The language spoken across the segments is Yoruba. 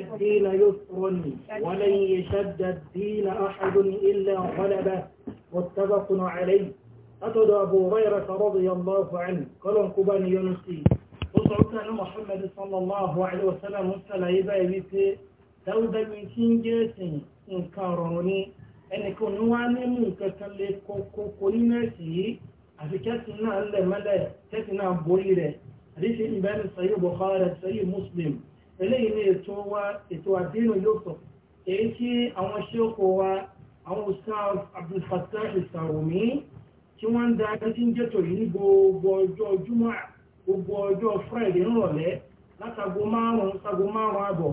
الدين يسر ولن يشد الدين أحد إلا غلبه متفق عليه أتد أبو هريرة رضي الله عنه قال القبان ينسي وصعوك أن محمد صلى الله عليه وسلم وصل إذا يبيت تود من كنجات إنكاروني أن يكون نواني منكتل كوكوكوينتي أفكاتنا ألا ملا تتنا بريرة حديث إبان سيد بخارة سيد مسلم eléyìí ní ètò wa ètò àdínú yóò sọ èyí tí àwọn ṣéòkò wa àwọn ustaz abdulfatah ìsàwòmí tí wọ́n ń da ẹtí ń jẹ́tò yìí ní gbogbo ọjọ́ júmọ́ gbogbo ọjọ́ friday ńrọ̀lẹ́ látago márùn-ún sago márùn-ún àbọ̀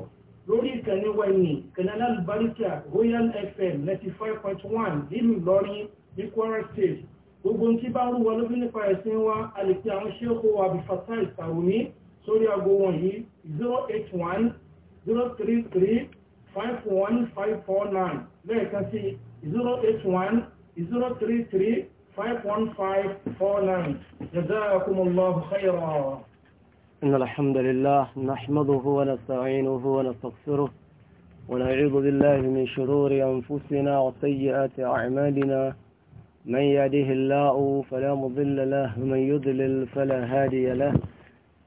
lórí ìkànnì wẹ̀yìn kẹ̀nẹ́lá lùbáríkà royal fm ninety five point one nílùú ìlọrin ní kwara state gbogbo ohun tí bá rú wa lóbi nípa ẹ̀sìn wa àlèkè àwọn ṣéòkò wa abdulfatah ìsàwòmí sorry, I'll go on here, 081-033-51549. There you can see, 081-033-51549. جزاكم الله خيرا. إن الحمد لله نحمده ونستعينه ونستغفره ونعوذ بالله من شرور أنفسنا وسيئات أعمالنا من يهده الله فلا مضل له ومن يضلل فلا هادي له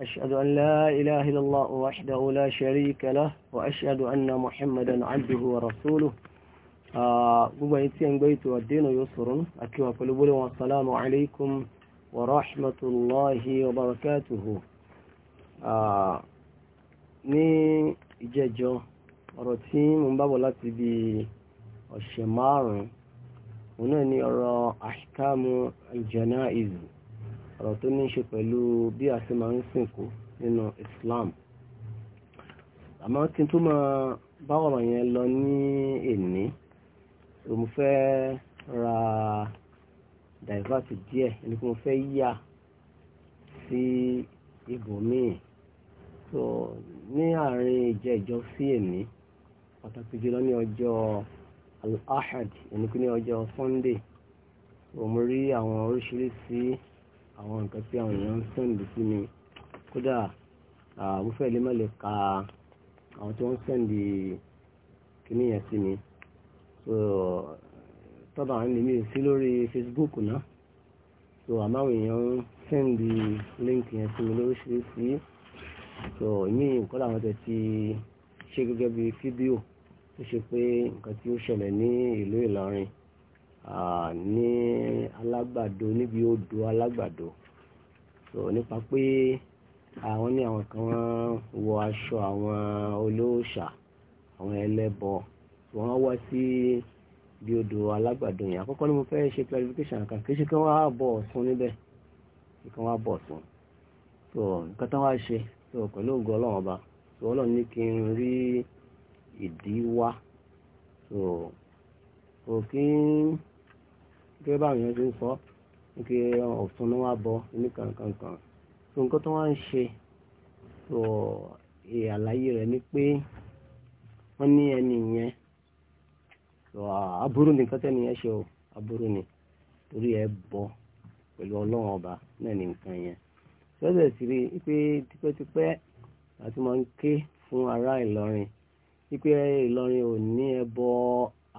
أشهد أن لا إله إلا الله وحده لا شريك له وأشهد أن محمدا عبده ورسوله gbogbo ẹ̀yin tí ẹ ń gbé ètò àdínà yóò sọ̀rọ̀ àkíwà pẹ̀lú gbólé wọn salamu alaikum wa rahmatulahi wa barakatuhu ní ìjẹjọ ọ̀rọ̀ tí mo ń bábọ̀ láti bí ọ̀sẹ̀ márùn-ún òun náà ni ọ̀rọ̀ ahkamu aljana'iz ọ̀rọ̀ tó ní ṣe pẹ̀lú bí a ṣe máa ń sìnkú nínú Islam àmọ́ kí n tó máa bá ọ̀rọ̀ yẹn lọ ní èní mo fẹ́ ra divert díẹ̀ ẹni pé mo fẹ́ yà sí ibòmíì so ní àárín ìjẹ́ ìjọ sí èní pàtàkì jùlọ ní ọjọ́ al-ahad ẹni pé ní ọjọ́ Sunday so mo rí àwọn oríṣiríṣi àwọn nǹkan tí àwọn èèyàn ń sẹ́ǹdì sí mi kódà mo fẹ́ lè má lè ka àwọn tí wọ́n ń sẹ́ǹdì kìíní yẹn sí mi so tọ́ba àwọn ènìyàn mi sí lórí Facebook náà so àmọ́ àwọn èèyàn ń sẹ́ǹdì líǹkì yẹn sí mi lóríṣiríṣi so ìmí nǹkan làwọn tẹ̀ ti ṣe gẹ́gẹ́ bí fídíò tó ṣe pé nǹkan tí ó ṣẹlẹ̀ ní ìlú Ìlọrin ní alágbàdo níbi odò alágbàdo so nípa pé àwọn ní àwọn kan wọ aṣọ àwọn olóòṣà àwọn ẹlẹ́bọ wọ́n wá sí bí odò alágbàdo yẹn àkọ́kọ́ ni mo fẹ́ ṣe clarification kan kì í ṣe kí wọ́n á bọ̀ ọ̀sùn níbẹ̀ kí wọ́n á bọ̀ ọ̀sùn so nǹkan tán wá ṣe so pẹ̀lú ògùn ọlọ́run ọba so ọlọ́run ní kí n rí ìdí wá so kò kí n. gẹ́gẹ́ bá àwọn èèyàn ṣe ń sọ pé ọ̀tún ni wọ́n bọ ní kankankan tó nǹkan tó wá ń ṣe Sọ àlàyé rẹ̀ ni pé wọ́n ní ẹni yẹn Sọ aburú nìkan tẹ́ni yẹn ṣe o aburú ni torí ẹ bọ pẹ̀lú Ọlọrun ọba náà ní nǹkan yẹn sọ́dọ̀ sì rí i pé tipẹ́tipẹ́ àti máa ń ké fún ara Ìlọrin ipe Ìlọrin ò ní ẹbọ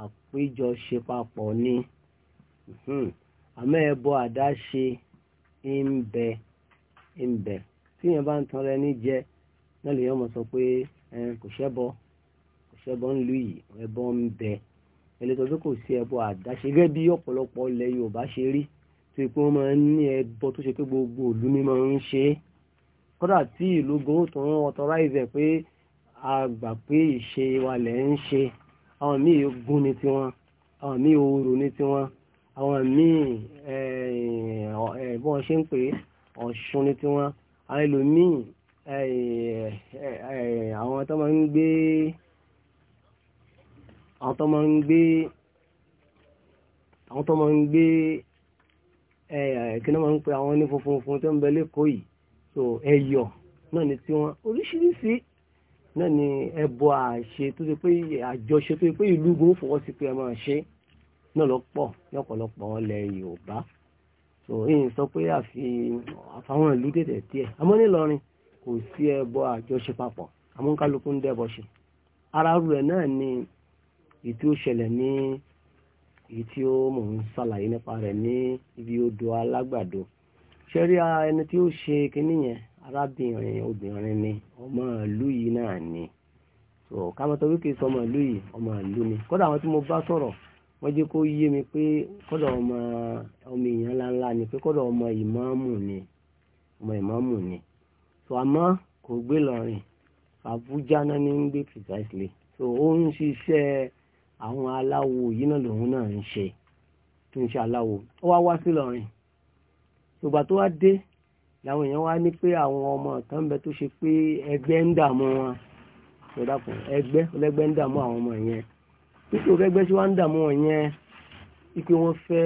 àpéjọ ṣe papọ̀ ní. Hmm. àmọ́ ẹbọ àdáṣe ń bẹ ń bẹ tí yẹn bá ń tan rẹ ní jẹ náà lè yọ mọ sọ pé kò ṣẹbọ kò ṣẹbọ ń lu yìí ẹbọ ń bẹ ẹlẹtọ tó kò sí ẹbọ àdáṣe gẹ́gẹ́ bí ọ̀pọ̀lọpọ̀ ilẹ̀ Yorùbá ṣe rí tó yẹ wọn máa ń ní ẹbọ tó ṣe pé gbogbo ìlú ni máa ń ṣe kódà tí ìlú gbowó tó ń authorize pé a gbà pé ìṣe wa lẹ ń ṣe àwọn míì gún ni tiwọn àwọn míì oorun ni tiwọn àwọn míì eh, eh, bọ́n ṣe ń pè ọ̀ṣun ní tiwọn àwọn ẹlòmíì eh, àwọn tó ń gbé àwọn tó ń gbé àwọn tó ń gbé kí náà máa ń pe àwọn ní funfun funfun tó ń bẹ lẹ́kọ̀ọ́ yìí so ẹyọ náà ni tiwọn oríṣiríṣi náà ni ẹbọ àṣe tó ṣe pé àjọṣe tó ṣe pé ìlú gbogbo fọwọ́ sí pé ẹ máa ṣe é náà ló pọ̀ ní ọ̀pọ̀lọpọ̀ ilẹ̀ Yorùbá so èyí sọ pé àfi àfàwọn ìlú tètè díẹ̀ àmọ́ nílọrin kò sí ẹbọ àjọṣe papọ̀ àmọ́ kálukú ń dẹ́bọ ṣe ara rẹ̀ náà ni èyí tí ó ṣẹlẹ̀ ní èyí tí ó mò ń ṣàlàyé nípa rẹ̀ ní ibi odò alágbàdo ṣẹ́rí ẹni tí ó ṣe kínní yẹn arábìnrin obìnrin ni ọmọ ìlú yìí náà ni so ká mọ́tò wíkì sọmọ ìlú yìí ọmọ ìlú ni kódà àwọn tí mo bá sọ̀rọ̀ wọ́n jẹ́ kó yé mi pé kọ́dọ̀ ọmọ ọmọ èèyàn ńláńlá ni pé kọ́dọ̀ ọmọ ìmáàmù ni ọmọ ìmáàmù ni so àmọ́ kò gbé lọ́rin Àbújá náà ní ń gbé precisely so ó ń ṣiṣẹ́ àwọn aláwo yìí náà lòun náà ń ṣe tó ń ṣe aláwo ó wá wá sí lọ́rin ìgbà tó wá dé làwọn èèyàn wá ní pé àwọn ọmọ kan bẹ tó ṣe pé ẹgbẹ́ ń dààmú wọn ẹgbẹ́ ọlẹ́gbẹ́ ń dààmú àwọn ọmọ yẹn nítorí òfẹ́ gbẹ́sí wá ń dààmú wọn yẹn ipe wọ́n fẹ́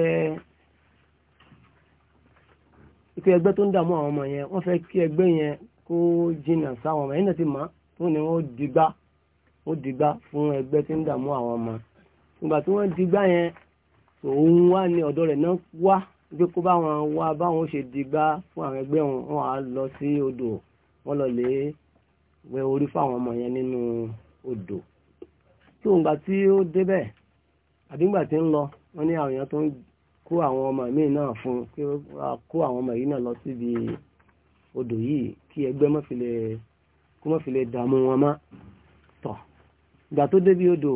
ipe ẹgbẹ́ tó ń dààmú àwọn ọmọ yẹn wọ́n fẹ́ kí ẹgbẹ́ yẹn kó jìnnà sáwọn ọmọ yẹn náà ti mọ̀ tó ní wọ́n dìgbà wọ́n dìgbà fún ẹgbẹ́ tí ń dààmú àwọn ọmọ nígbà tí wọ́n dìgbà yẹn òun wá ní ọ̀dọ̀ rẹ̀ náà wá gbé kó báwọn wá báwọn ṣe dìgbà fún àwọn ẹgbẹ́ wọn wọn á lọ sí odò wọn lọ lè wẹ orí fáwọn ọmọ yẹn nínú odò tó ń gbà tí ó débẹ̀ àbígbà tí ń lọ wọn ní àwọn èèyàn tó ń kó àwọn ọmọ mi náà fún kí ó kó àwọn ọmọ yìí náà lọ síbi odò yìí kí ẹgbẹ́ mọ́ fi lè kó mọ́ fi lè dààmú wọn mọ́ tọ̀ ìgbà tó débi odò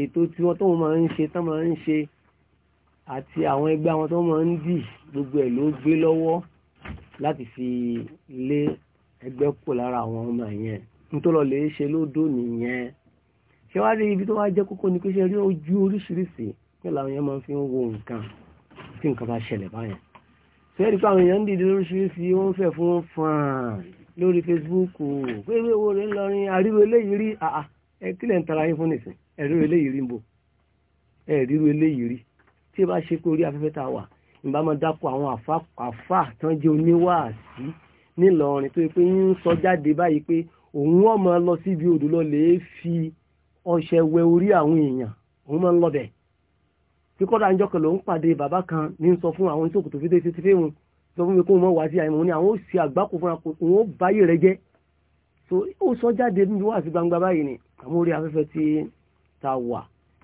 ètò tí wọ́n tó máa ń ṣe tó máa ń ṣe àti àwọn ẹgbẹ́ àwọn tó máa ń dì gbogbo ẹ̀ ló gbé lọ́wọ́ láti fi lé ẹgbẹ́ kù lára àwọn ọmọ yẹn nítorí lè ṣe lódò nìyẹn ṣe wá rí ibi tó wá jẹ́ kókó ni pé ṣe rí ojú oríṣiríṣi pé làwọn èèyàn máa fi ń wo nǹkan tí nǹkan bá ṣẹlẹ̀ báyẹn ṣe rí pé àwọn èèyàn ń dìde lóríṣiríṣi wọ́n fẹ́ fún fàn lórí Facebook pé ìwé wo rẹ̀ ń lọrin àríwé eléyìí rí àà ẹ kílẹ̀ ń tara yín fún nìsín ẹ̀ríwé eléyìí rí ń bò ẹ̀ríwé eléyìí rí tí ẹ bá ṣe pé orí afẹ́fẹ́ tá a wà ìbá máa dákọ̀ àwọn àfà tán jẹ́ oníwàásí nílọrin tó yẹ pé ń sọ jáde báyìí pé òun ọmọ lọ síbi odò lọ lè fi ọṣẹ wẹ orí àwọn èèyàn òun máa ń lọ bẹ̀ tí kọ́dà ń jọ́kẹ̀ ló ń pàdé bàbá kan ní sọ fún àwọn tó kò tó fi dé títí fíìmù sọ fún mi kó mọ̀ wá sí àìmọ̀ ní àwọn ó àgbákò fúnra kò wọ́n báyìí rẹ jẹ́ so ó sọ jáde níbi wá sí gbangba báyìí ni àmọ́ orí afẹ́fẹ́ tí ta wà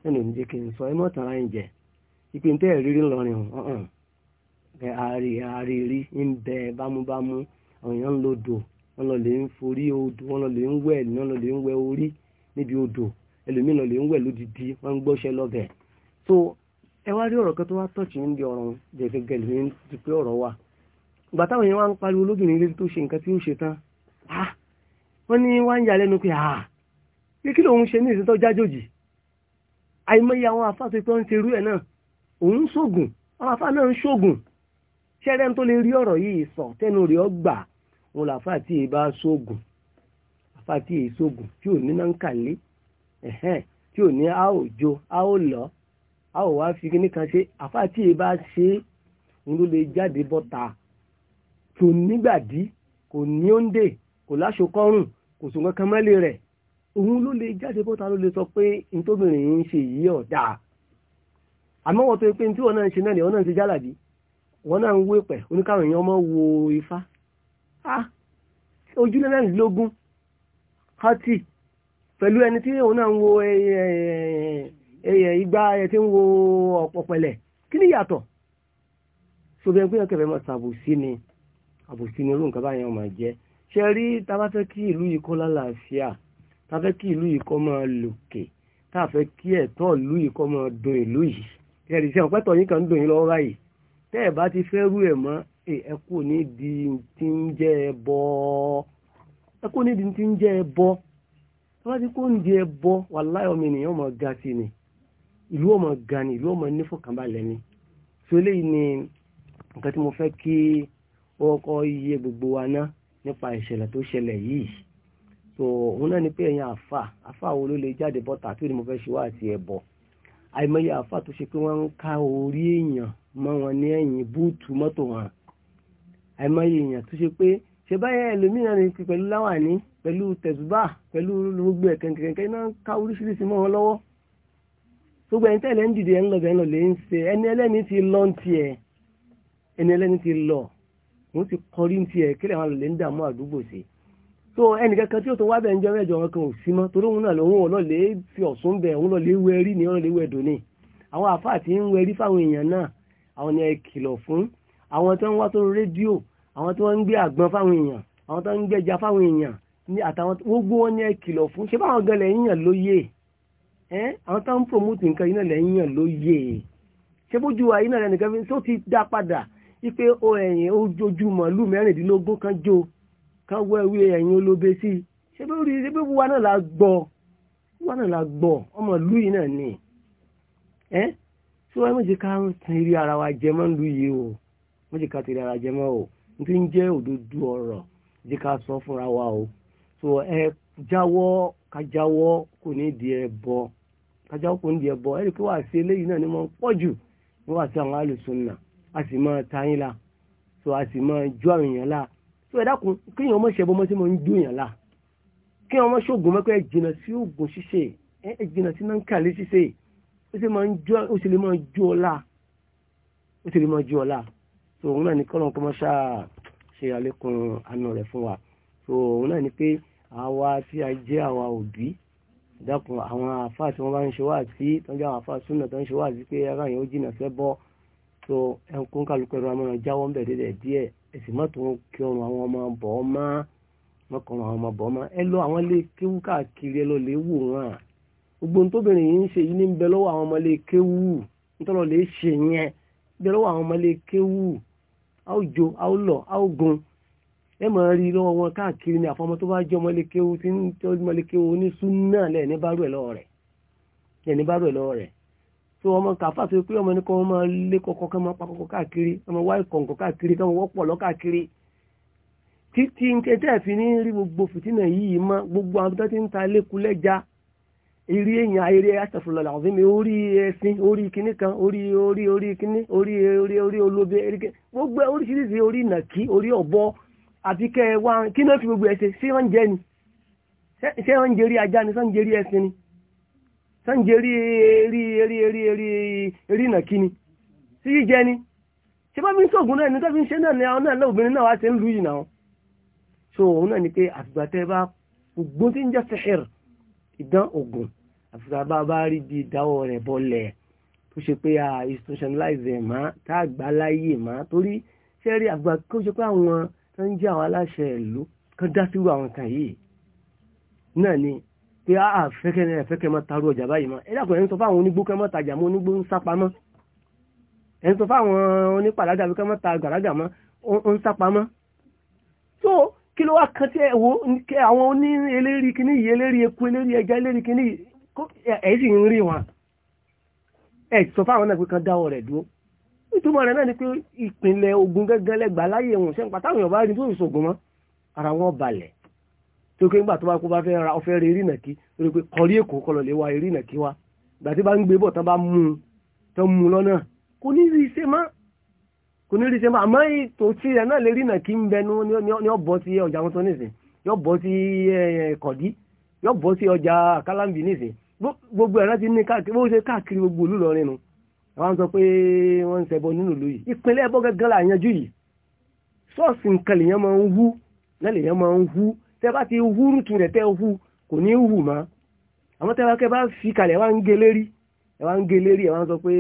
ẹnu ní jẹ́ kí n sọ ẹ mọ́ tàn láyìn jẹ ìpè ń tẹ́ ẹ̀ rírí lọ́rin ọ̀hún ààrẹ ààrẹ rí ń bẹ bámúbámú àwọn ń lo odò wọn lọ lè ń forí odò wọn lọ lè ń wẹ̀ wọn lọ lè ń wẹ orí níbi odò ẹlòmíì lọ lè ń wẹ̀ lódìdí wọ́n ń gbọ́ṣẹ́ lọ́bẹ̀ so ẹ wá rí ọ̀rọ̀ kan tó wá tọ̀chì ń di ọ̀rọ̀ jẹ̀gẹ̀gẹ̀ lè ń di pé ọ̀rọ̀ wa ìgbà táwọn yẹn wá ń pariwo lóbìnrin lórí tó ṣe nǹkan tí ó ṣe tán wọ́n ní wá ń yà lẹ́nu pé pé kí lòun ṣe ní ìsìntọ́ jájòjì àìmọye àwọn àfáà tó ń ṣerú ẹ̀ náà òun ṣògùn àwọn àfáà náà ń ṣògùn ṣẹ́rẹ́ tó lè rí ọ̀rọ̀ yìí sọ tẹ́nu rẹ̀ ọ gbà òun làfáà tí ì bá ṣògùn àfáà tí ì ṣògùn tí ò ní náà ń kà lé ẹ̀hẹ́n tí ò ní a ò jo a ò lọ a ò wá fi kíní kan ṣe àfáà tí èyí bá ṣe é òun ló lè jáde bọ́ta tó nígbàdí kò ní òǹdè kò láṣọ kọ́rùn kò sùn kankan mẹ́lẹ̀ rẹ̀ òun ló lè jáde bọ́ta ló lè sọ pé nítòbìnrin yìí ń ṣe yìí ọ̀dà àmọ́ wọ́n tó pé tí wọ́n náà ń ṣe náà ni wọ́n náà ń ṣe jálàbí wọ́n náà ń wé pẹ̀ oníkàwọn èèyàn ọmọ wo ifá ah ojúlé náà lógún hátì pẹ̀lú ẹni tí òun náà ń wo igba ẹ ti ń wo ọ̀pọ̀pẹ̀lẹ̀ kí ni yàtọ̀ so bẹ́ẹ̀ pé ẹ̀kẹ́ fẹ́ mọ́ sàbòsí ni àbòsí ni olóhùn kaba yẹn máa jẹ́ ṣe rí tá bá fẹ́ kí ìlú yìí kó lálàáfíà tá fẹ́ kí ìlú yìí kó máa lòkè tá fẹ́ kí ẹ̀tọ́ ìlú yìí kó máa dùn ìlú yìí ṣe rí sẹ́wọ̀n pẹ́tọ̀ yín kan ń dùn yín lọ́wọ́ báyìí tẹ́ ẹ̀ bá ti fẹ́ rú ẹ̀ mọ́ ẹ kò ní di ti ń jẹ́ ẹ bọ́ ẹ kò ní di ti ń jẹ́ ẹ bọ́ wọ́n ti kó ń di ẹbọ wàláhì ọmọ ènìyàn ọmọ ga sí ni ìlú ọmọ ga ni ìlú ọmọ nífọ̀kànbalẹ̀ ni tí ó léyìí ni nǹkan tí mo fẹ́ kí ọkọ̀ iye gbogbo wa ná nípa ìṣẹ̀lẹ̀ tó ṣẹlẹ̀ yìí so òun náà ni pé ẹ̀yin àfà àfà wo ló lè jáde bọ́ta tí ni mo fẹ́ ṣe wá àti ẹbọ àìmọye àfà tó ṣe pé wọ́n ń ká orí èèyàn mọ́ wọn ní ẹ̀yìn búùtù mọ́tò wọn àìmọye èèyàn tó ṣe pé ṣe báyẹn ẹlòmíràn ni pẹ̀lú láwàní pẹ̀lú tẹ̀sùbá pẹ̀lú gbogbo ẹ̀ kẹ̀kẹ̀kẹ̀ iná ká oríṣiríṣi mọ́ wọn lọ́wọ́ gbogbo ẹ̀yin tẹ̀lé ń dìde ẹ̀ ń lọ bẹ́ẹ̀ lọ lè ń ṣe ẹni ẹlẹ́ni ti lọ ń tiẹ̀ ẹni ẹlẹ́ni ti lọ òun ti kọrí ń tiẹ̀ kílẹ̀ wọn lè ń dààmú àdúgbò sí i so ẹnì kankan tí ó tó wá bẹ̀ ń jẹ́ mẹ́jọ wọn kan ò sí mọ́ torí òun náà lòun ò fi ọ̀sùn bẹ̀ òun lọ wẹ rí ni òun lọ lè wẹ dòní àwọn àfáà ti ń wẹ rí fáwọn èèyàn náà àwọn ni ẹ kìlọ̀ fún fáwọn èèyàn ní àtàwọn gbogbo wọn ní ẹkìlọ fún ṣé báwọn gan lẹ́yìn lóye ẹ́ àwọn promote nǹkan yìí náà lóye ṣé bójú wa yìí náà tó ti dá padà wípé o ẹ̀yìn ojojú màálù mẹ́rìndínlógún kan jó kan wọ olóbe sí i ṣé bí orí ṣé wa náà la wa náà la ọmọ yìí náà ni tí méjì ká ara wa jẹ yìí o méjì ká ara jẹ so ẹ jáwọ́ kájáwọ́ kò ní di ẹbọ kájáwọ́ kò ní di ẹbọ ẹ̀rí pé wàá sí eléyìí náà ni wọ́n pọ̀ jù ní wàá sí àwọn alùsùnà a sì máa ta yín la so a sì máa jó àwọn èèyàn la so ẹ dákun kéèyàn ọmọ ṣẹbọ ọmọ tí mo ń jó èèyàn la kéèyàn ọmọ ṣoògùn mẹ́kọ́ ẹ jìnà sí oògùn ṣíṣe ẹ jìnà sí nankali ṣíṣe ó sì máa ń jó lè máa jó ọlá ó sì lè máa jó ọlá so òun náà ni kọ́lọ́n kọ́mọ́ṣáà ṣe àlékún so òun náà àwa tí a jẹ́ àwa òbí dákun àwọn àfáà tí wọ́n bá ń ṣe wá sí tọ́jú àwọn àfáà súnà tó ń ṣe wá sí pé ara yẹn ó jìnà fẹ́ bọ́ tó ẹnkún kálukú ẹ̀rọ amọ̀ràn jáwọ́ ń bẹ̀ dédé díẹ̀ èsì mọ́tò ń kí ọrùn àwọn ọmọ bọ̀ ọ́ má mọ́kànlá àwọn ọmọ bọ̀ ọ́ má ẹ lọ àwọn ilé kéwú káàkiri ẹ lọ lè wọn à gbogbo yìí ń ẹ máa rí lọ́wọ́ wọn káàkiri ní àfọmọ́ tó bá jẹ́ ọmọlékéwu tí ń tọ́ ọmọlékéwu ní súnà lẹ́ẹ̀ní bá rú ẹ̀ lọ́wọ́ rẹ̀ lẹ́ẹ̀ní bá rú ẹ̀ lọ́wọ́ rẹ̀ tó ọmọ kàfà tó pé ọmọ nìkan wọn lé kọ̀kọ́ kọ́ máa pa káàkiri ọmọ wá ìkọ̀ǹkọ̀ káàkiri wọ́pọ̀ lọ káàkiri títí ń fi ní gbogbo fìtínà ta lékulẹ́ja eré èèyàn mi kinní kan orí orí kinní orí olóbe àfi kẹ́ ẹ wá kí náà fi gbogbo ẹ̀ṣẹ̀ sí oúnjẹ ni ṣé oúnjẹ rí ajá ni sóúnjẹ rí ẹṣin ni sóúnjẹ rí rí rí rí rí rí ìnàkí ni sí jíjẹ ni ṣé bá fi ń sóògùn náà ni tó fi ń ṣe náà ni àwọn náà lóbìnrin náà wá ṣe ń lu yìí náà so òun náà ni pé àfìgbà tẹ́ bá ògùn tí ń jẹ́ sihir ìdán ògùn àfìgbà bá bá rí bí ìdáwọ́ rẹ̀ bọ́lẹ̀ tó ṣe pé à institutionalize ẹ̀ má tá àgbà láyè má torí ṣẹ́rí àfìgbà kó ṣe pé àwọn tó ń jẹ́ àwọn aláṣẹ ìlú kan dá sí àwọn kan yìí náà ni pé a fẹ́kẹ́ náà fẹ́kẹ́ máa taru ọjà báyìí mọ́ ẹ̀dá kan ẹni sọ fáwọn onígbó kan máa tajà mọ́ onígbó ń sápamọ́ ẹni sọ fáwọn onípàlágà kan máa ta gàràgà mọ́ ń sápamọ́ tó kí ló wá kan tí ẹ wo àwọn oní eléri kíní yìí eléri eku eléri ẹja eléri kíní yìí ẹ sì ń rí wọn ẹ sọ fáwọn náà pé kan dáwọ́ rẹ̀ dúró ìtumọ̀ rẹ̀ náà ni pé ìpínlẹ̀ ogun gẹ́gẹ́ lẹ́gbàá láyé wọn ṣẹ́ǹpá táwọn èèyàn bá rí tó ìṣògùn mọ́ ara wọn balẹ̀ tó ké ńgbà tó bá kó bá fẹ́ ra ọfẹ́ rí ìrìnàkí lórí pé kọrí èkó kọlọ̀ lè wa ìrìnàkí wa ìgbà tí bá ń gbé bọ̀ tán bá mú un tán mú un lọ́nà kò ní rí iṣẹ́ mọ́ kò ní rí iṣẹ́ mọ́ àmọ́ ètò tí ẹ̀ náà lè ìrìnàkí ń bẹnu ní ọ̀bọ̀ sí ọjà wọn wọ́n sọ pé wọ́n ń ṣẹbọ nínú ìlú yìí ìpínlẹ̀ ẹbọ gẹ́gẹ́ la yanjú yìí ṣọ́ọ̀ṣì nǹkan lèèyàn máa ń hú náà lèèyàn máa ń hú tẹ́ bá ti hú rútu rẹ̀ tẹ́ hú kò ní hù mọ́ àwọn tẹ́ bá kẹ́ bá fi kalẹ̀ wá ń gé lérí ẹ wá ń gé lérí ẹ wá ń sọ pé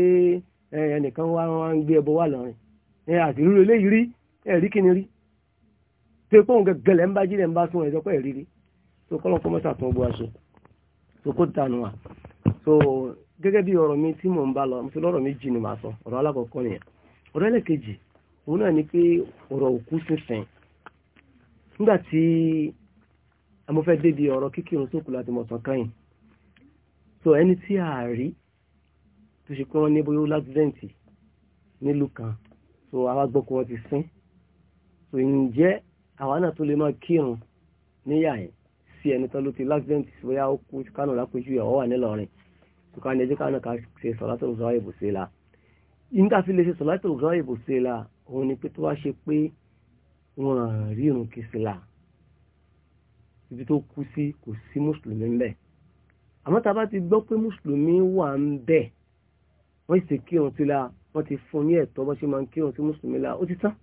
ẹnìkan wá ń gbé ẹbọ wà lọ́rin ẹ àtìrú eléyìí rí rí kíni rí tó pé òun pé ẹ̀ so gẹ́gẹ́ bí ọ̀rọ̀ mi tí mò ń bá lọ mo fi lọ́rọ̀ méjì ni màá sọ ọ̀rọ̀ alákọ̀ọ́kọ́ nìyẹn ọ̀rọ̀ ẹlẹ́kejì òun náà ni pé ọ̀rọ̀ òkú sísìn nígbà tí mo fẹ́ débi ọ̀rọ̀ kíkírun sókù láti mọ̀sán káyìn so ẹni tí a rí tó ṣe pé wọ́n ní bóyá lásìdẹ́ǹtì nílùú kan so àwa gbọ́ pé wọ́n ti sín so ǹjẹ́ àwa náà tó lè máa kírun níyà yẹn sí ẹni tán ló ti láksidẹ́ǹtì bóyá ó kú kánò lápéjú ẹ̀ ọ́ nílọrin tó ká ẹjẹ́ kánò ká ṣe sọ̀látò lọ́wọ́ ìbò la nígbà tí lè ṣe sọ̀látò lọ́wọ́ ìbò la òun ni pé tó wá ṣe pé wọn rí irun kì í sí la ibi tó kú sí kò sí mùsùlùmí ń bẹ̀ àmọ́ tá a bá ti gbọ́ pé mùsùlùmí wà ń bẹ̀ wọ́n sì kírun sí la wọ́n ti fún ní ẹ̀tọ́ bọ́ ṣe máa ń kírun sí mùsùlùmí la ó ti tán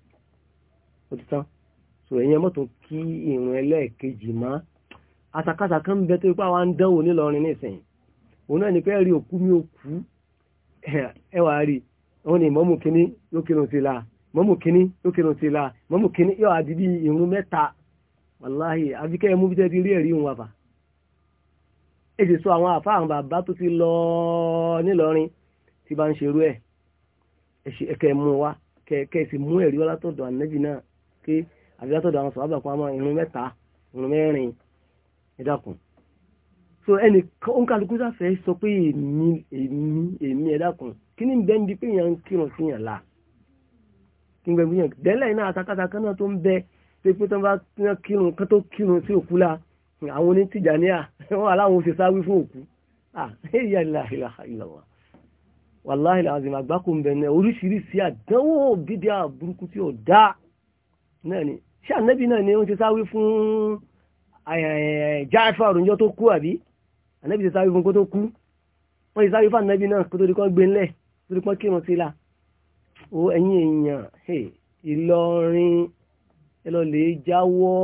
ó ti tán sọ̀rọ̀ ìyẹn mọ́tò kí ìrun ẹlẹ́ẹ̀kejì máa àsàkásà kan bẹ tó ipá wa ń dánwò nílọrin nísìnyí òun náà ní pé rí òkú mi òkú ẹ rí wọn ni mọ́mù kínní yóò kírun sí la mọ́mù kínní yóò kírun sí la mọ́mù kínní yóò àdí bí irun mẹ́ta wàláhì àbíkẹ́ mú bí tẹ́tí rí ẹ̀rí òun wàfà ẹ sì sọ àwọn àfa àwọn bàbá tó ti lọ nílọrin tí bá ń ṣerú ẹ̀ ẹ̀kẹ́ mú wa kẹ́ẹ̀kẹ́ sì mú ẹ̀rí wá látọ̀dọ̀ ànẹ́bì ẹ̀dàkùn so ẹnì kan kálukú sáfẹ́ sọ pé èmi èmi èmi ẹ̀dàkùn kí ni bẹ́ẹ̀ ń di pé yàn ń kírun sí yàn la kí n gbẹ̀gbẹ̀ yàn dẹ́lẹ̀ iná àtakàtà kan náà tó ń bẹ pé pé tó ń bá kírun kan tó kírun sí òkú la àwọn onítìjàníà wọn aláwọn ò fi sáwí fún òkú ah èyí àìláhìlá ìlàwà wàláhìlá àzìmà àgbákò ń bẹ náà oríṣiríṣi àdánwò bídíà burúkú tí ò dá náà ni ṣé ànẹ́bí náà ni ó ti sáwí fún jáfà òrùnjọ́ tó kú àbí ànábì ti sáré fún kó tó kú wọ́n ti sáré fún ànábì náà kó tó di kọ́ gbé ńlẹ̀ tó di kọ́ kírun sí la ó ẹ̀yin èèyàn Ìlọrin ẹ lọ lè jáwọ́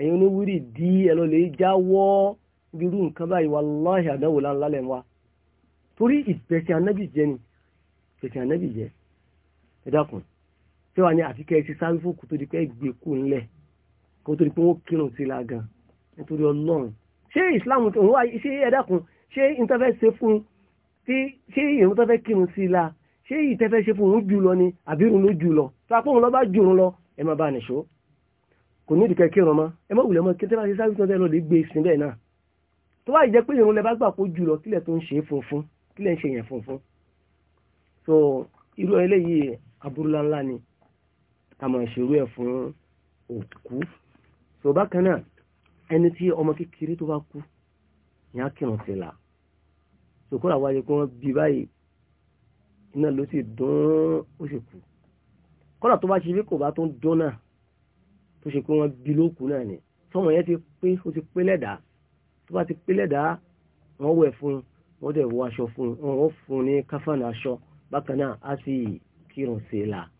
ẹ̀yin oníwírì dí ẹ lọ lè jáwọ́ irú nǹkan báyìí wàláhì àdánwò láńlá lẹ̀ wá torí ìbẹ̀sẹ̀ ànábì jẹ ni ìbẹ̀sẹ̀ ànábì jẹ ẹ dákun tí wàá ní àfikẹ́ ẹ ti sáré fún kó tó di kọ́ ẹ gbé kú ńlẹ̀ kó tó di pé wọ́n kírun sí la gan nítorí ọlọ́run ṣé ìsìláàmù tó ń wá ṣé ẹ̀dàkùn ṣé ìtafẹ́ ṣe fún tí ṣé ìrún tó kírun sí la ṣé ìtẹ́fẹ́ ṣe fún òun jù lọ ni àbí irun ló jù lọ tó apó òun lọ bá jù òun lọ ẹ má bá nìṣó kò ní ìdíkẹ́ kírun mọ́ ẹ má wùlẹ̀ mọ́ kí tẹ́lá sáré tó ń tẹ́ lè gbé ìsìn e bẹ́ẹ̀ náà tó wáyé jẹ́ pé ìrún lẹ bá gbà kó jù lọ kílẹ̀ tó ń so irú eléyìí aburú ńláńlá ni àmọ̀ ìṣerú so bákan náà ẹni tí ọmọ kékeré tó bá kú ní akínú sí la so kó làwọn ayé kó wọn bí báyìí iná ló sì dún ó sì kú kọ́lá tó bá ṣe bí kò bá tó ń dún náà tó ṣe pé wọ́n bí ló kú náà ni tọ́mọ yẹn ti pé ó ti pé lẹ́dàá tó bá ti pé lẹ́dàá wọ́n wẹ̀ fún wọ́n dẹ̀ wọ aṣọ fún wọ́n fún ní káfánà aṣọ bákan náà á sì kírun sí la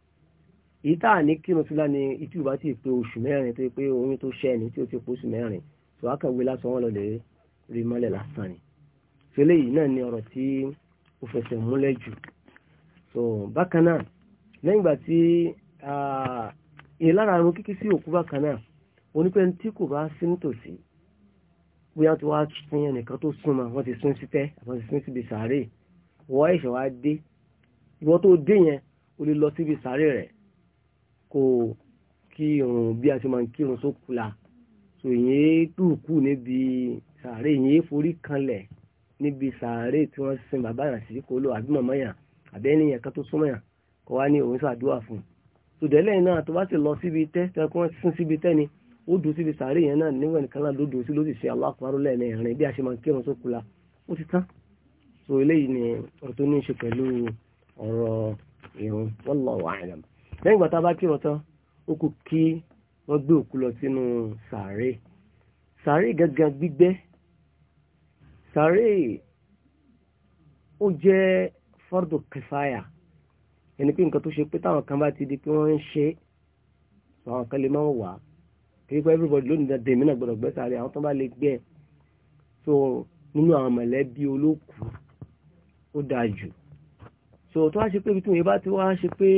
èyí tá à ní kírun fílà ni ìtì ò bá ti pé oṣù mẹ́rin tó pé oyún tó ṣẹ́ ni tí ó ti pé oṣù mẹ́rin tó wá kàwé lásán wọn lọlẹ̀ rí mọ́lẹ̀ lásán ni fẹlẹ́ yìí náà ni ọ̀rọ̀ tí ó fẹsẹ̀ múlẹ̀ jù so bákan náà lẹ́yìn ìgbà tí ìlara àrùn kíkí sí òkú bákan náà onípẹ́ tí kò bá sí nítòsí bóyá tó wá fún ẹnìkan tó súnmọ́ wọ́n ti sún sípẹ́ àwọn ti sún síbi sàárè wọ́n ẹ̀ṣẹ̀ wá dé ìwọ́n tó dé yẹn o lè lọ síbi sàárè rẹ̀ kó kí irun bí a ṣe máa ń kírun sókùlà so ìyẹn dùkú níbi sàárè ìyẹn forí kanlẹ̀ níbi sàárè tí wọ́n sin bàbá yàn sí kó lò àbí màmá yàn àbí ẹni yàn kan tó súnmọ́ yàn kọ́ wá ní òun ṣàdúrà fún un sòdẹ́lẹ̀ náà tó bá sì lọ síbi tẹ́ tẹ́kún sín síbi tẹ́ ni ó dùn síbi sàárè yẹn náà níwọ̀n nìkan náà ló dùn sí ló sì ṣe aláàkúrárò lẹ́ẹ̀mẹrin bí a ṣe máa kírun sókùlà ó ti tán so eléyìí ni ọ̀rọ̀ tó ní í ṣe pẹ̀lú ọ̀rọ̀ ìrun wallahu a'lam lẹ́yìn ìgbà tá a bá kírun tán ó kù kí wọ́n gbé òkú lọ sínú sàárè sàárè gangan gbígbẹ́ sàárè ó jẹ́ fardu kifaya ẹni pé nǹkan tó ṣe pé táwọn kan bá ti di pé wọ́n ń ṣe àwọn kan lè máa wà kí pé everybody lónìí dá dèmí náà gbọdọ̀ gbẹ́ sàárè àwọn tó bá lè gbẹ́ so nínú àwọn mọ̀lẹ́bí olókùú ó dáa jù so tó wá ṣe pé ibi tí wọ́n bá ti wá ṣe pé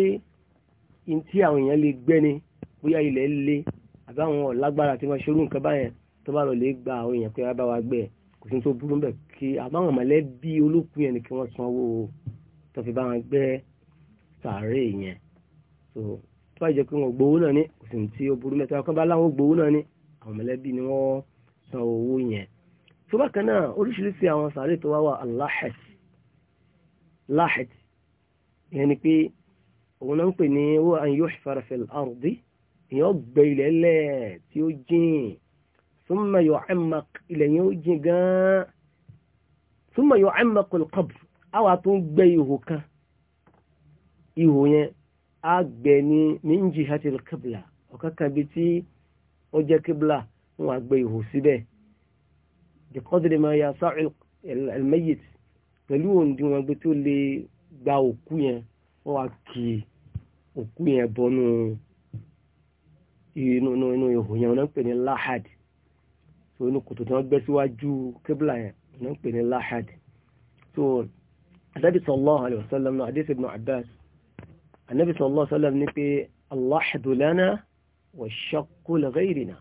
in tí àwọn èèyàn lè gbẹ́ ni bóyá ilẹ̀ lé àbí àwọn ọ̀lágbára tí wọ́n ṣerú nǹkan báyẹn tó bá lọ lè gba àwọn èèyàn pé wọ́n bá wa gbẹ́ kò sí tó burú bẹ̀ kí àbáwọn mọ̀lẹ́bí olókùn yẹn ni kí wọ́n sanwó tó fi bá wọn gbẹ́ sàárè yẹn so tó bá jẹ pé wọn gbowó náà ni, kò sí tí ó burú mẹ́ta kan bá láwọn gbowó náà ní àwọn mọ̀lẹ́bí ni wọ́n san owó yẹn tó bá kan náà ni pé òun náà ń pè ní wọ́n an yuhfar fil ardi èèyàn gbẹ ilẹ̀ lẹ̀ tí ó jìn thumma yu'ammaq ilẹ̀ yẹn ó jìn gan-an thumma yu'ammaq al-qabr àwa tó ń gbẹ ihò kan ihò yẹn á gbẹ ní min jihati al-qibla ọ̀kan tí ó jẹ́ qibla wọn á gbẹ ihò síbẹ̀ bi qadri ma yasa'u al-mayyit pẹ̀lú òǹdíwọ̀n gbé tó lè gba òkú yẹn wọ́n wá kì òkú yẹn bọ́nú inú inú ihò yẹn wọ́n ń pè ní lahad so inú kòtò tí wọ́n gbẹ́ síwájú kébìlà yẹn wọ́n ń pè ní lahad so anabi sallallahu alayhi wa sallam náà adéṣe ibn abbas anabi sallallahu alayhi wa sallam ní pé allahadu lana wa shakku li ghayrina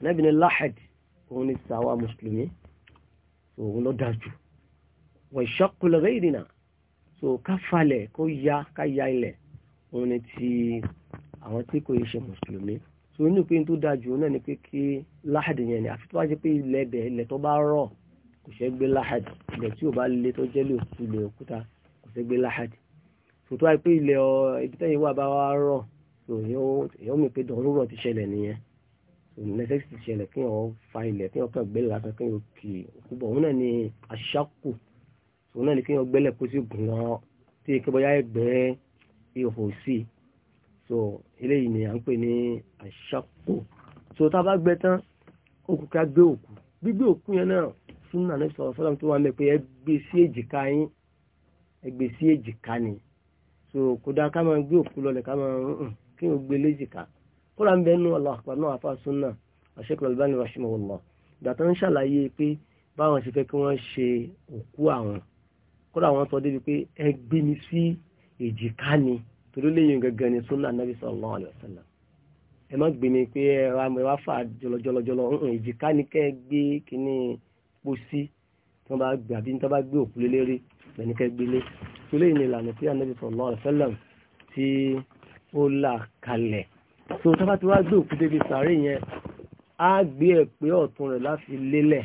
anabi ní lahad òun ní sàwa mùsùlùmí so òun ló dájú wa shakku li ghayrina so ká falẹ̀ kó ya ká ya ilẹ̀ òun ni ti àwọn tí kò yẹ ṣe mùsùlùmí so inú pé tó dáa jù náà ni pé kí láhàdì yẹn ni àfi tó bá jẹ́ pé ilẹ̀ ilẹ̀ tó bá rọ̀ kò ṣe gbé láhàdì ilẹ̀ tí ò bá le tó jẹ́ lè òkú lè òkúta kò ṣe gbé láhàdì so tó wáyé pé ilẹ̀ ibi tẹ́yìn wà bá wá rọ̀ so èèyàn mi pé dọ̀rúrọ̀ ti ṣẹlẹ̀ nìyẹn so necessity ti ṣẹlẹ̀ kí wọ́n fa ilẹ̀ kí wọ́n kàn gbẹ́lẹ̀ lásán kí wọ́n kì í òkú bọ̀ òun náà ni àṣàkù òun náà ni kí wọ́n gbẹ́lẹ̀ kó sì gùn ihò sí so eléyìí ni à ń pè ní àṣàkó so tá a bá gbẹ tán òkú ká gbé òkú gbígbé òkú yẹn náà súnà ní sọ̀rọ̀ sọ́dọ̀ tó wà mẹ́ pé ẹ sí èjìká yín ẹ sí èjìká ni so kódà ká máa gbé òkú lọlẹ̀ ká máa ń kí n gbé léjìká kódà ń bẹ nú ọlọ́àpá náà àfa súnà àṣekọ̀ọ́ Albani rahimahullah ìgbà tó ń ṣàlàyé pé báwọn ṣe fẹ́ kí wọ́n ṣe òkú àwọn kódà wọ́n sọ débi pé ẹ mi sí èjìká ni torí léyìn gangan ni sunna nabi sallallahu alayhi wa sallam ẹ má gbé mi pé ẹ wá fà jọlọjọlọjọlọ èjìká ni kẹ́ ẹ gbé kíní pósí tí wọ́n bá gbé àbí tí wọ́n bá gbé òkú lélẹ́rí lẹ́ni kẹ́ gbélé tó léyìn ni ìlànà tí anabi sallallahu alayhi wa sallam tí ó là kalẹ̀ so tó bá ti wá gbé òkú débi sàárè yẹn á gbé ẹ̀pẹ́ ọ̀tún rẹ̀ láti lélẹ̀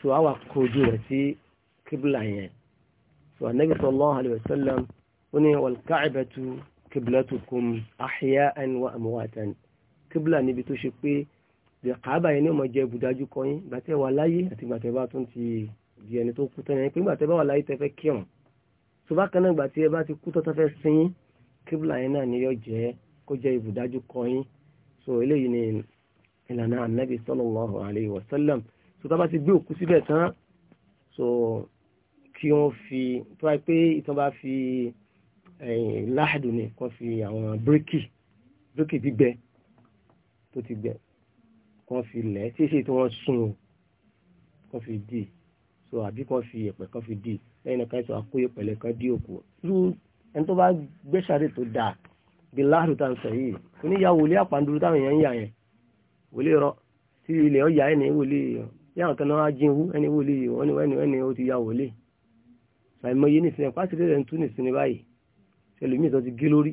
so á wà kojú rẹ̀ sí kíbla yẹn so anabi sallallahu alayhi ó ní wal-Ka'batu qiblatukum ahya'an wa amwatan kíbùlà níbi tó ṣe pé kàábà yẹn ní ọmọ jẹ ibùdájú kọ yín gbàtẹ́ wà láyé àti gbàtẹ́ bá tún ti di ẹni tó kú tán yẹn pé gbàtẹ́ bá wà láyé tẹ́ fẹ́ kírun tó bá kan náà gbàtẹ́ bá ti kú tán tán fẹ́ sin yín kíbùlà yẹn náà ni yóò jẹ́ kó jẹ́ ibùdájú kọ yín so eléyìí ni ìlànà anabi sallallahu alayhi wa sallam so tá bá ti gbé òkú síbẹ̀ tán so kí wọ́n fi tó wáyé pé ìtàn bá fi láàdù ni kọ́ fi àwọn bíríkì bíríkì gbígbẹ tó ti gbẹ kọ́ fi lẹ̀ tí èsì tí wọ́n sun kọ́ fi dì so àbí kọ́ fi ẹ̀pẹ̀ kọ́ fi dì lẹ́yìn náà káyọ̀ àkó ìpẹ̀lẹ̀ kan dí òkú irú ẹni tó bá gbé sáré tó dáa bí láàdù tá à ń sọ yìí oníyàwó ilé àpàǹdúró táwọn èèyàn ń yà yẹn wòlé rọ tí ilẹ̀ ọ̀yà ẹni wòlé yàwọn kan náà á jínwú ẹni wòlé ẹni wẹ́ni wẹ́ni ó ti ya wòlé ṣàìmọye nìsinmi pàṣẹ rẹ̀ ń tú nìsinmi báyìí ẹlòmíì tó ti gé lórí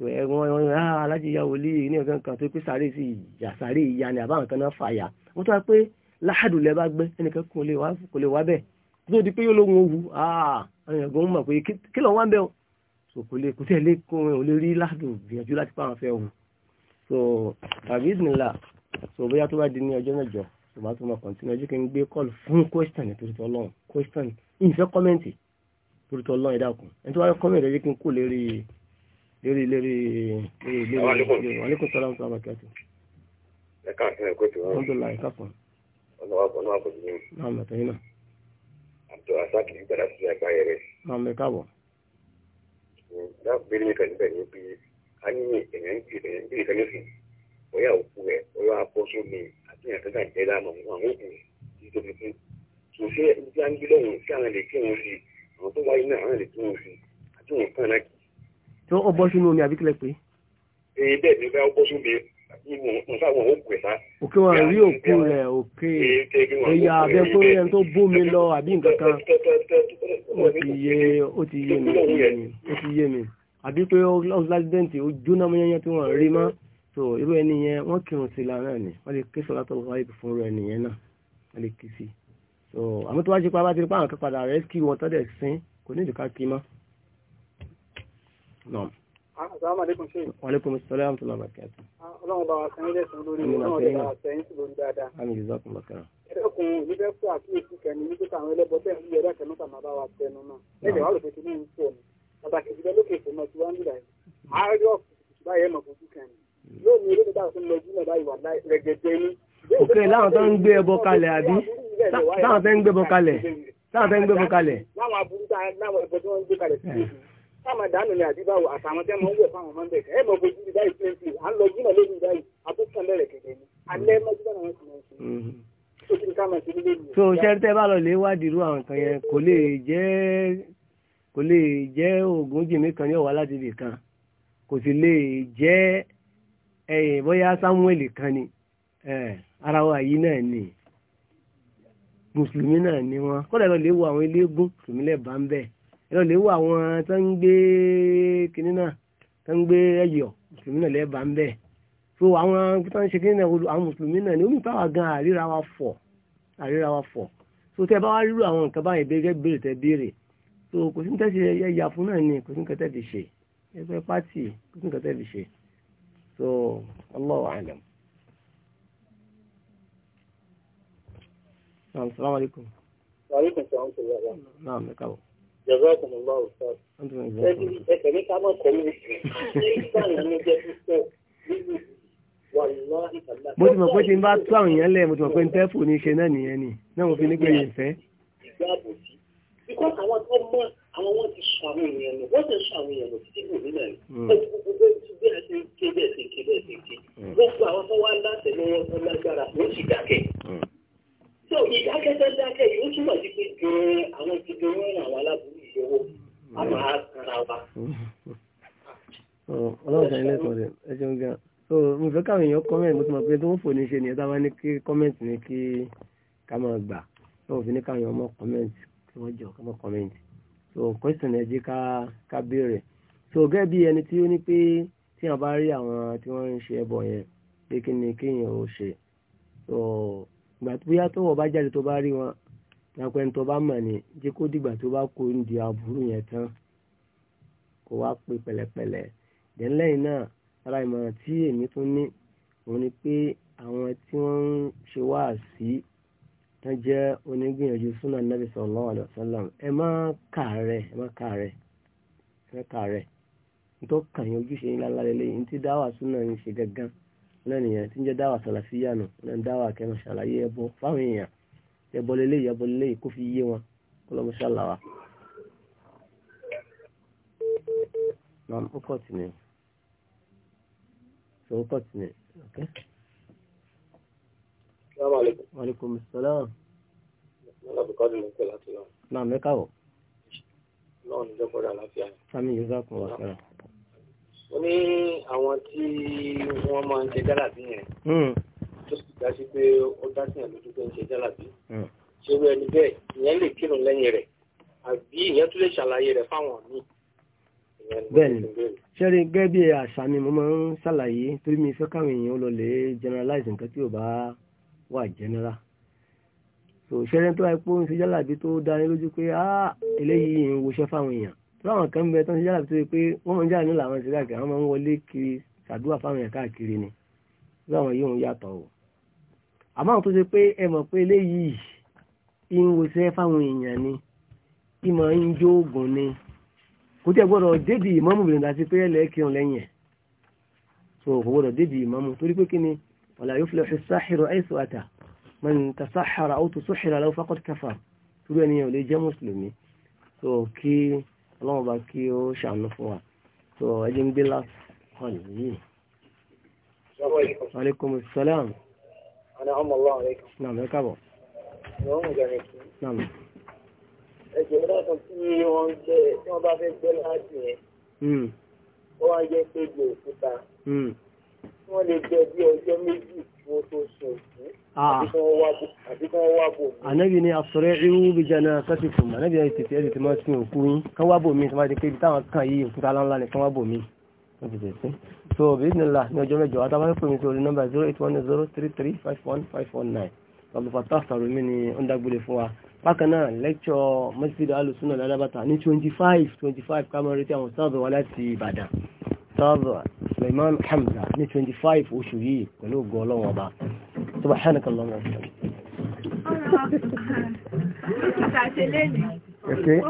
wọn wọn ah alájí ya wòlíì ní ọ̀gá kan tó pé sáré sí ìjà sáré ìyá ni àbáwọn kan náà fàyà wọ́n tó wá pé láàdùn lẹ́ bá gbẹ́ ẹnìkan kò lè wá kò lè wá bẹ́ẹ̀ tó di pé yóò lóhun òwú ah àwọn ẹ̀gbọ́n mọ̀ pé kí lọ́n wá ń bẹ́ o so kò lè kò tẹ̀ lé kó o lè rí láàdùn gbìyànjú láti pa àwọn fẹ́ wù so tàbí ìdìnnìlà so bóyá tó bá di ní ọjọ́ mẹ́jọ so bá tó mọ̀ kọ̀ntínú ẹjọ́ kí n gbé kọ́ọ̀lù fún question nítorí tọ́lọ́run question ìfẹ́ kọ́mẹ́ǹtì torí tọ́ lọ́yìn dàkún ẹni tó wáyé kọ́mẹ̀ rẹ̀ yé kí n kò lérí lérí lérí lérí lérí aleykum salaam wa rahmatulahi. ẹ káàkiri ẹ kó tó wọn. alhamdulilayi káfọn. ọ̀nà wa bọ̀ náà kò ní. náà mẹ́ta yín náà. àbúrò asáàkì gbàdá sí ẹgbà yẹrẹ. náà mẹ́ káàbọ̀. dábìlì mi kàn níbẹ̀ ní bí a ní èèyàn ń kiri èèyàn ń kiri kan nísìn bóyá òkú rẹ̀ bóyá akọ́sọ́ mi àti ìyàtọ̀ náà jẹ́ láàmú àwọn òkú tó fi kú. kò sí ẹni tí a ń gbé lọ́wọ́ sí àwọn èdè tí wọ́n fi àwọn tó wáyé náà àwọn lè tún wọn fi àti wọn kàn náà kì. tí wọn bọ́ sínú omi àbí kílẹ̀ pé. ee bẹ́ẹ̀ ni bá bọ́ sínú omi nǹkan àwọn òkú ẹ̀ sá. òkè wọn rí òkú rẹ̀ òkè ẹ̀yà abẹ́ tó rẹ̀ tó bómi lọ àbí nǹkan kan. ó ti yé ó ti yé mi ó ti yé mi àbí pé ọ́síládẹ́ǹtì ó jóná mọ́yányán tí wọ́n rí mọ́ so irú ẹni yẹn wọ́n kírun sí lára náà wọ́n lè ké sọ́lá tó wáyé fún irú ẹni yẹn náà wọ́n lè ké sí i so àmọ́ tó wá ṣe pa bá ti rí pa àwọn akẹ́padà rẹ̀ kí wọ́n tọ́dẹ̀ sín kò ní ìdíkà kí mọ́. Wàlékùn sọ́lá àmì tó lọ́wọ́ bàkẹ́ tó. Ọlọ́run bá wa sẹ́yìn lẹ́sìn lórí ọlọ́run bá wa sẹ́yìn sí lórí dáadáa. Àmì ìzọ́kùn bàkẹ́rà. Ẹ̀dọ́kùn fún àkíyèsí kẹ́ni ní ní ẹ̀dá kẹ́nu tàmá bá wa tẹnu mm. wà lóṣèlú ní ní òkè láwọn tó ń gbé ẹbọ kalẹ̀ àbí táwọn fẹ́ ń gbé ẹbọ kalẹ̀ táwọn fẹ́ ń gbé ẹbọ kalẹ̀. láwọn aburú táwọn ẹbọ tí wọ́n ń gbé kalẹ̀ sí táwọn àdánù ni àdìbà àtàwọn tẹ́ mọ́ ń wẹ̀ fáwọn ọmọ ń bẹ̀ ẹ̀ mọ̀ fojú ti dáì plenty à ń lọ jìnnà lórí ìdáì àbúkàn lẹ́rẹ̀ kẹ̀kẹ́ ni alẹ́ mọ́júbà náà ti mọ̀ mm-hmm. so ṣẹ́ntẹ́ bá lọ lè wádìí irú àwọn nǹkan yẹn kò lè jẹ́ kò lè jẹ́ oògùn jìnnì kan ní ọ̀wá láti ibì kan kò sì lè jẹ́ eh, bóyá Samuel kan ni ara wa yìí náà ni mùsùlùmí náà ni wọn kọ́dà ẹ lọ lè wo àwọn eléégún mùsùlùmí lẹ́ẹ̀bá ń bẹ̀ ẹ lọ lè wo àwọn tó ń gbé kinní náà tó ń gbé ẹ̀yọ̀ mùsùlùmí náà lẹ́ẹ̀bá ń bẹ̀ so àwọn tó ń ṣe kinní náà àwọn mùsùlùmí náà ni omi ìpáwà gan àríra wa fọ̀ àríra wa fọ̀ so tẹ bá wá rírú àwọn nǹkan báyìí bẹ́ẹ̀ béèrè tẹ béèrè so kò sí ní tẹ́sí ẹ̀yà fún náà ni kò sí nǹkan tẹ́ fi ṣe ẹgbẹ́ pátì kò sí nǹkan tẹ́ fi ṣe so Allahu alam. naam salaam aleykum. wàlúùkùn sọ àwọn sọ̀rọ̀ wa. naam ẹ káàbọ̀. jọ̀wọ́ kò mọ̀ bá wò sọ. ẹ̀kẹ́ ní ká má kọ́ mi. mo ti mọ̀ pé tí n bá tú àwọn èèyàn lẹ̀ mo ti mọ̀ pé n tẹ́ fò ní ṣe náà nìyẹn ni náà mo fi ní pé yẹn fẹ́. because àwọn tó mọ àwọn wọn ti sọ àwọn èèyàn nù wọ́n ti sọ àwọn èèyàn nù títí ìlú náà ẹ̀ hmm. gbogbo bẹ́ẹ̀ ti ké bẹ́ẹ̀ ti ké bẹ́ẹ̀ ti ké hmm. gbogbo àwọn tó wá láṣẹ ni wọ́n lágbára wọ́n sì dákẹ́. Hmm so ìdákẹ́dákẹ́ yóò túmọ̀ sí pé gan àwọn ti gan wọn àwọn aláburú ìṣòwò a máa kanra wa. ọlọ́run sàn ilé ẹ̀kọ́ rẹ̀ ẹ ṣeun gan-an so mo fẹ́ káwọn èèyàn kọ́mẹ̀ntì mo ti mọ̀ pé tó ń fò ní ṣe nìyẹn tá a bá ní kí kọ́mẹ̀ntì ní kí ká máa gbà tó òfin ní káwọn èèyàn mọ̀ kọ́mẹ̀ntì kí wọ́n jọ ká mọ̀ kọ́mẹ̀ntì so question ẹ jẹ́ ká ká béèrè so gẹ́gẹ́ bí ẹni tí ó ní pé tí wọ́n bá rí àwọn tí wọ́n ń ṣe ẹbọ yẹn pé kí ni kéèyàn ó ṣe so ìgbà tó bóyá tó wọ̀ bá jáde tó bá rí wọn dápẹ́ ní tó bá mọ̀ ní jẹ́ kó dìgbà tó bá kó ń di àbúrò yẹn tán kó wá pé pẹ̀lẹ́pẹ̀lẹ́ dẹ́nlẹ́yìn náà ara ìmọ̀ràn tí èmi tún ní òun ni pé àwọn tí wọ́n ń ṣe wáàsí tán jẹ́ onígbìyànjú súnà nàbì sallallahu alaihi wasallam ẹ má kà rẹ̀ ẹ má kà rẹ̀ ẹ má kà rẹ̀ nítorí kàn yín ojúṣe ńlá lálẹ́ lẹ́yìn tí dáwà súnà ń ṣe gangan náà nìyẹn tí ń jẹ́ dáwà sàlàfíà nù náà ń dáwà kẹ́mọ̀ ṣàlàyé ẹbọ fáwọn èèyàn ẹbọ lélẹ́yìí ẹbọ lélẹ́yìí kó fi yé wọn kó lọ́mọ ṣàlàwà. Nam ó kọ̀ tì ní. So ó kọ̀ tì ní. Okay. Assalamu alaikum. Wa alaikum assalam. Mọ́lá Bùkọ́dù ló ń pè láti lọ. Náà mẹ́kà wọ̀. Náà ní ìjọba ọ̀dà láfíà. Sami Yorùbá kò wá sára ó ní àwọn tí wọ́n máa ń ṣe jálàbí yẹn hmm. tó sì dá sí pé ó dá sí yẹn lójú pé ń ṣe jálàbí hmm. ṣé wọ́n ẹni bẹ́ẹ̀ ìyẹn lè kírun lẹ́yìn rẹ̀ àbí ìyẹn tún lè ṣàlàyé rẹ̀ fáwọn míì bẹ́ẹ̀ni ṣẹ́rí gẹ́gẹ́ bí àṣà mi mo máa ń ṣàlàyé torí mi fẹ́ káwọn èèyàn lọ lè generalize nǹkan tí ò bá wà general so ṣẹ́rí tó wáyé pé ó ń ṣe jálàbí tó dá ní lójú pé ah eléyìí ń woṣẹ́ fáwọn èèyàn láwọn kan bẹ tó ń ṣe jálàbí tó yẹ pé wọ́n máa ń jáde nílò àwọn ìṣẹ́gàkì àwọn máa ń wọlé kiri ṣàdúrà fáwọn ẹ̀ka kiri ni láwọn yóò ń yàtọ̀ o àmọ́ àwọn tó ṣe pé ẹ mọ̀ pé eléyìí ìwòsẹ́ fáwọn èèyàn ni ìmọ̀ ń jó oògùn ni kò tí ẹ gbọ́dọ̀ débi ìmọ̀mù bìrìndà sí pé ẹlẹ́ kírun lẹ́yìn ẹ̀ so kò gbọ́dọ̀ débi ìmọ̀mù torí pé kí ni wala yuflihu as ọlọ́run bá kí ó ṣàánú fún wa tó ẹjẹ́ ń gbé láti hàn yìí. aleykum salaam. naam ẹ káàbọ̀. naam. ẹ jẹ́ nígbà kan tí wọ́n jẹ́ tí wọ́n bá fẹ́ gbé láti yẹn. Hmm. ó wá jẹ́ pé bí òkúta. Hmm. wọ́n lè jẹ́ bí ọjọ́ méjì Ah. ànábì ni àsọ̀rẹ́ irú bí jẹ́nà sẹ́tìkùn ànábì ni tètè ẹ̀dì tí máa ti òkú yín kan wá bò mí tí máa ti pé ibi táwọn kan yìí òkúta aláńlá ni kan wá bò mí ọ̀fẹ́sẹ̀ sí so bismillah ní ọjọ́ mẹ́jọ atábáyé pè mí sí orí nọ́mbà 08103351519 ọlọ́fàtà sàrùmí ni ó ń dágbére fún wa bákan náà lẹ́kṣọ́ mọ́sídà alùsùnà lálábàtà ní 25 25 kámọ́rẹ́tì àwọn sáàbẹ̀ wa láti Ìbàdàn sáàbẹ̀ Suleiman Hamza ní 25 oṣù yìí pẹ̀lú ògùn ọlọ́wọ́n ọba tó bá hánàkà lọ́wọ́ ọ̀sán.